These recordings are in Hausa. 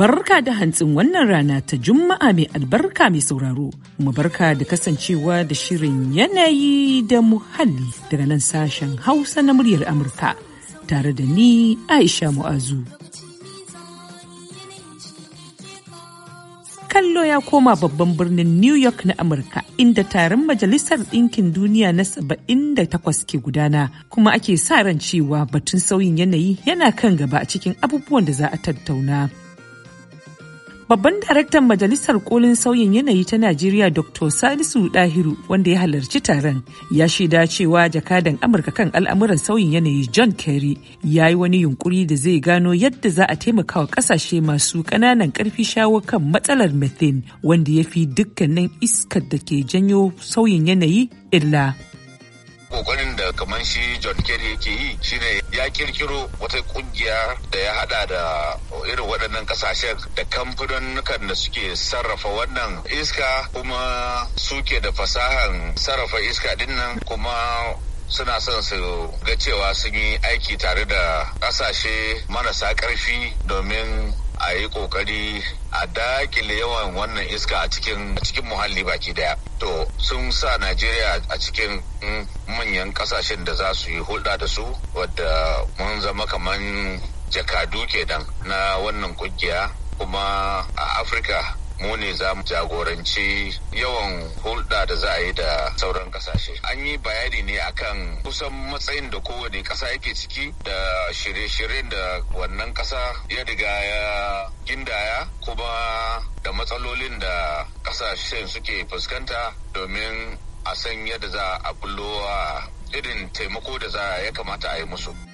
Barka da hantsin wannan rana ta Juma'a mai albarka mai sauraro, mu barka da kasancewa da shirin yanayi da muhalli daga nan sashen Hausa na muryar Amurka tare da ni Aisha Mu'azu. Kallo ya koma babban birnin New York na Amurka inda taron Majalisar Ɗinkin Duniya na 78 ke gudana kuma ake sa ran cewa batun sauyin yanayi yana kan gaba a cikin abubuwan da za a tattauna. Babban daraktan Majalisar Kolin Sauyin Yanayi ta Najeriya Dr. Salisu Dahiru wanda ya halarci taron ya shaida cewa jakadan Amurka kan al'amuran sauyin yanayi John Kerry ya yi wani yunkuri da zai gano yadda za a taimaka wa kasashe masu ƙananan ƙarfi shawo kan matsalar methane wanda ya fi dukkanin iskar da ke janyo sauyin yanayi illa. Kokarin kamar shi John Kerry yake yi shine ya kirkiro wata kungiya da ya hada da irin waɗannan kasashen da kamfanonukan da suke sarrafa wannan iska kuma suke da fasahan sarrafa iska dinnan kuma suna son su ga cewa sun yi aiki tare da ƙasashe marasa ƙarfi domin a yi ƙoƙari a dakile yawan wannan iska a cikin cikin muhalli baki daya to sun sa najeriya a cikin mm, manyan kasashen da za su yi hulɗa da su wadda mun zama kaman jakadu kenan na wannan kungiya kuma a afirka mu ne za mu jagoranci yawan hulɗa da za a yi da sauran kasashe an yi bayani ne akan kusan matsayin da kowane ƙasa yake ciki da shirye-shiryen da wannan ƙasa ya riga ya gindaya kuma da matsalolin da ƙasashen suke fuskanta domin a san yadda za a bullo irin taimako da za ya kamata a yi musu.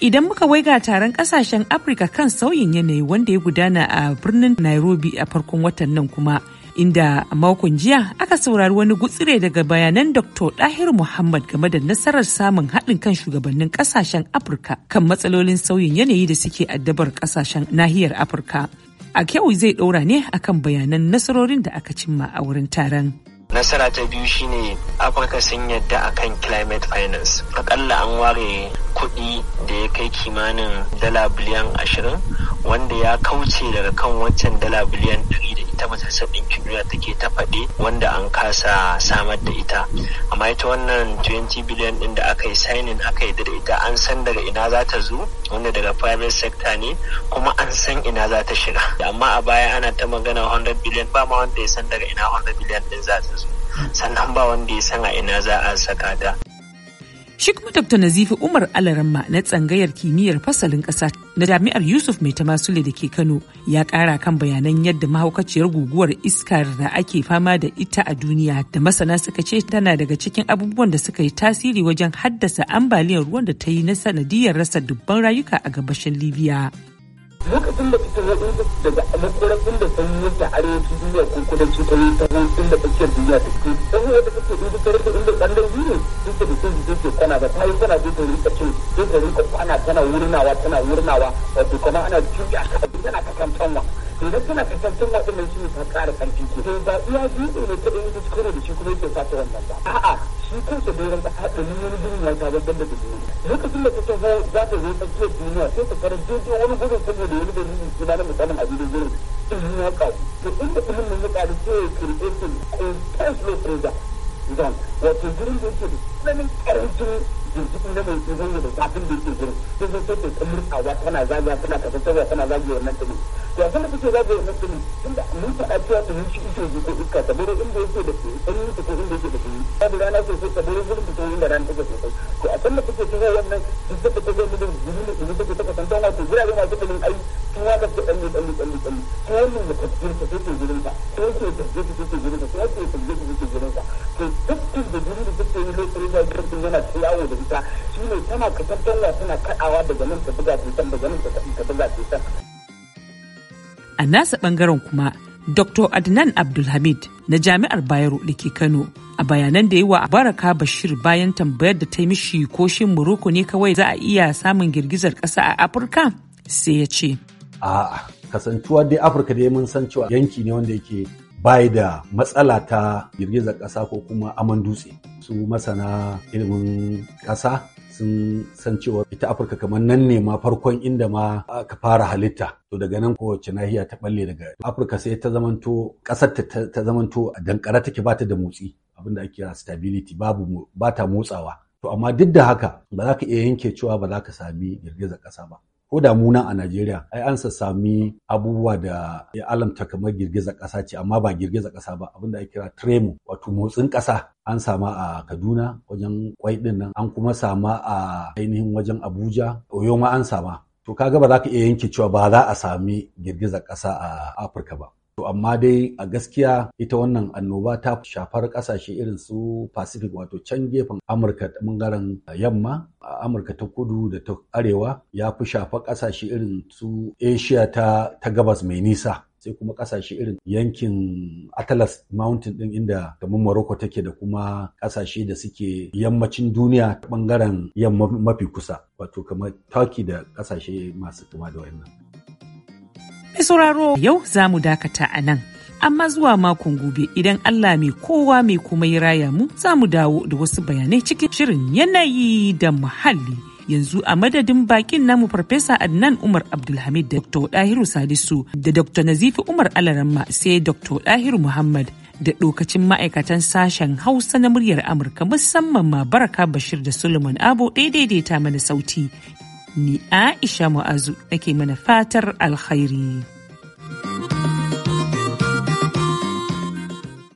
Idan muka waiga taron kasashen Afirka kan sauyin yanayi wanda ya gudana a birnin Nairobi a farkon watan nan kuma. Inda a makon jiya aka saurari wani gutsire daga bayanan Dr. Dahir Muhammad game da nasarar samun haɗin kan shugabannin ƙasashen Afirka kan matsalolin sauyin yanayi da suke addabar ƙasashen nahiyar Afirka. A kyau zai ɗaura ne akan bayanan nasarorin da aka cimma a wurin taron. nasara ta biyu shine afirka sun yadda akan climate finance akalla an ware kuɗi da ya kai kimanin dala biliyan ashirin wanda ya kauce daga kan wancan dala biliyan ɗari da ta majalisar ɗinkin duniya take ta faɗi wanda an kasa samar da ita amma ita wannan 20 billion ɗin da aka yi signing aka yi da ita an san daga ina za ta zo wanda daga private sector ne kuma an san ina za ta shiga amma a baya ana ta magana 100 billion. ba ma wanda ya san daga ina 100 billion ɗin za ta zo sannan ba wanda ya san a ina za a saka ta Shi kuma Nazifi Umar Alaramma na tsangayar kimiyyar fasalin ƙasa na jami'ar Yusuf Mai Tamasule da ke Kano ya ƙara kan bayanan yadda mahaukaciyar guguwar iskar da ake fama da ita a duniya da masana suka ce tana daga cikin abubuwan da suka yi tasiri wajen haddasa ambaliyar ruwan da ta yi na sanadiyar rasa dubban rayuka a gabashin Libya. lokacin da ita zaɓi daga makorafin da sun yi ta arewacin duniya ko kudanci ta yi ta hutun da tsakiyar duniya ta ke ɗan wadda take inda ta rike inda ɓangar biyu duk da bikin jikin ke kwana ba ta yi tana zai ta rika cin zai ta rika kwana tana wurnawa tana wurnawa wato kuma ana juya ta abin tana kasantanwa idan tana kasantanwa ɗin nan shi ne ta ƙara ƙarfi ke ba iya biyu ne ta ɗan su ta da shi kuma yake sa ta wannan ba a'a shi kansa da ƙasa ɗari wani ya ta babban da duniya lokacin da ta taho za ta zo tsakiyar duniya sai ta fara jeje wani gurin saboda wani gurin su na misalin abin da gurin ilimin ya ƙaru to inda ilimin ya ƙaru sai ya kirɓe su constantly present zan wato gurin da yake da tsananin ƙarancin jirgin da mai tsohon da ta da yake gurin sai sai sai ta murkawa tana zagaya tana kasancewa tana zagaya wannan tuni to abin da take zagaya wannan tuni inda mun faɗa cewa ta yi shi ita ji ko iska ta bude inda yake da ke in yi ko inda yake da ke babu rana sosai ta bude gurin ta inda rana take sosai to a kan da take cewa wannan jirgin da ta ga mu da jirgin da take ta kasancewa wato gurare masu tunin ai kuma ka ce ɗan ne ɗan ne ɗan ne ɗan ne ta wannan da ta jirgin ta take gurin fitar suna kaɗawa daga nan ta buga tutan daga nan ta buga tutan. A nasa ɓangaren kuma Dr. Adnan Abdulhamid na Jami'ar Bayero da ke Kano a bayanan da yi wa Baraka Bashir bayan tambayar da ta yi mishi ko shin Morocco ne kawai za a iya samun girgizar ƙasa a Afirka sai ya ce. A'a, kasantuwa dai Afirka dai mun san cewa yanki ne wanda yake bai da matsala ta girgizar ƙasa ko kuma aman dutse. Su masana ilimin ƙasa sun san cewa ita Afirka kamar nan ne ma farkon inda ma aka fara halitta. To daga nan kowace nahiya ta balle daga Afirka sai ta zamanto kasar ta zamanto a dankara take ba ta da motsi abinda ake kira stability babu ba ta motsawa. To amma duk da haka ba za ka iya yanke cewa ba za ka sami girgizar ƙasa ba. ko da mu nan a Najeriya ai an sami abubuwa da ya alamta kamar girgizar ƙasa ce amma ba girgizar ƙasa ba abin da ake kira tremu wato motsin ƙasa an sama a Kaduna wajen kwai din nan an kuma sama a ainihin wajen Abuja Oyo ma an sama to kaga ba za ka iya yanke cewa ba za a sami girgizar ƙasa a Afirka ba To amma dai a gaskiya ita wannan annoba ta shafar kasashe irin su Pacific wato can gefen Amurka bangaren yamma, a Amurka ta kudu da ta arewa ya fi shafar kasashe irin su Asia ta, ta gabas mai nisa. sai kuma kasashe irin yankin atlas mountain din inda kamar morocco take da kuma kasashe da suke yammacin duniya ta bangaren yamma mafi kusa wato kamar turkey da kasashe masu kama da wayannan Mai sauraro yau za mu dakata a nan. Amma zuwa makon gobe idan Allah mai kowa mai kuma ya raya mu za mu dawo da wasu bayanai cikin shirin yanayi da muhalli. Yanzu a madadin bakin namu Farfesa Adnan Umar Abdulhamid da Dr. Dahiru Salisu da Dr. Nazifi Umar Alaramma sai Dr. Dahiru Muhammad. da ɗokacin ma'aikatan sashen hausa na muryar amurka musamman ma baraka bashir da solomon abo daidaita mana sauti ni Aisha Mu'azu nake mana fatar alkhairi.